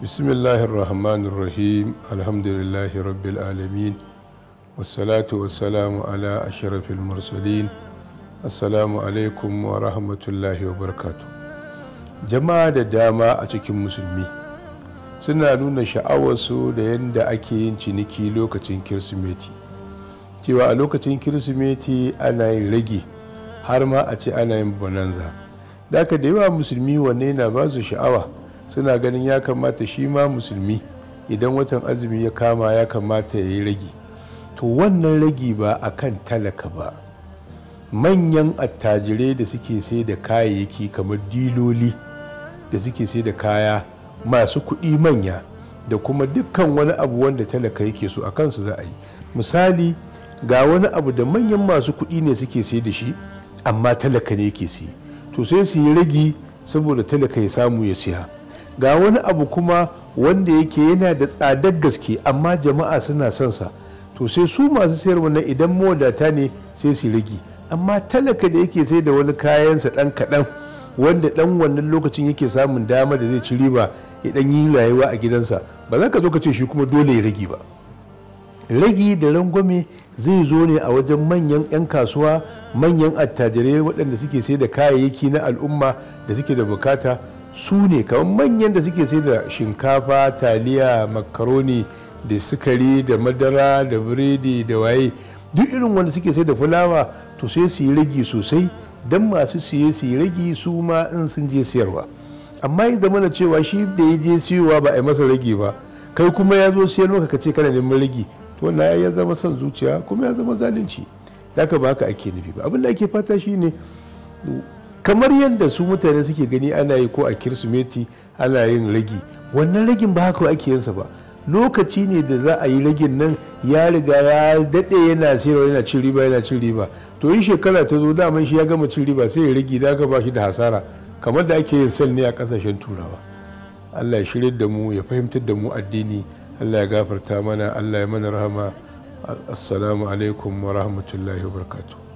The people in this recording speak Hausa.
Bisimillahirrahmanirrahim, alhamdulillahirrabbilalamin, wasalatu wasalamu ala a sharafin assalamu alaikum wa rahmatullahi wa barkatu. Jama'a da dama a cikin musulmi suna nuna sha'awarsu da yadda ake yin ciniki lokacin Kirsimeti. Cewa a lokacin Kirsimeti ana yin rage. har ma a ce ana yin bonanza da aka da yawa musulmi wanne na ba su sha'awa suna ganin ya kamata shi ma musulmi idan watan azumi ya kama ya kamata ya yi ragi to wannan ragi ba a kan talaka ba manyan attajirai da suke sai da kayayyaki kamar diloli da suke sai da kaya masu kuɗi manya da kuma dukkan wani abu wanda talaka yake so a kansu za a yi misali ga wani abu da manyan masu kuɗi ne suke sai da shi amma talaka ne yake siya to sai su yi ragi saboda talaka ya samu ya siya ga wani abu kuma wanda yake yana da tsadar gaske amma jama'a suna son sa to sai su masu sayarwa na idan mawadata ne sai su ragi amma talaka da yake sai da wani kayansa dan kadan wanda dan wannan lokacin yake samun dama da zai ci riba ya dan yi rayuwa a gidansa ba za ka zo ka ce shi kuma dole ya rage ba ragi da rangwame zai zo ne a wajen manyan 'yan kasuwa manyan attajirai waɗanda suke sai da kayayyaki na al'umma da suke da bukata su ne kamar manyan da suke sai da shinkafa taliya makaroni da sukari da madara da biredi da waye duk irin wanda suke sai da fulawa to sai su yi ragi sosai don masu siye su yi ragi su ma in sun je siyarwa amma ya zama cewa shi da ya je siyowa ba a yi masa ragi ba kai kuma ya zo siyar maka ka ce kana neman ragi to na ya zama son zuciya kuma ya zama zalunci da ba baka ake nufi ba abin da ake fata shi ne kamar yadda su mutane suke gani ana yi ko a kirsimeti ana yin ragi wannan ragin ba haka ake yinsa ba lokaci ne da za a yi ragin nan ya riga ya daɗe yana sayarwa yana cin riba yana cin riba to yi shekara ta zo daman shi ya gama cin riba sai ya rage da aka ba shi da hasara kamar da ake yin sal ne a kasashen turawa allah ya shirya da mu ya fahimtar da mu addini Allah ya gafarta mana Allah ya mana rahama assalamu alaikum wa rahmatullahi wa barakatuh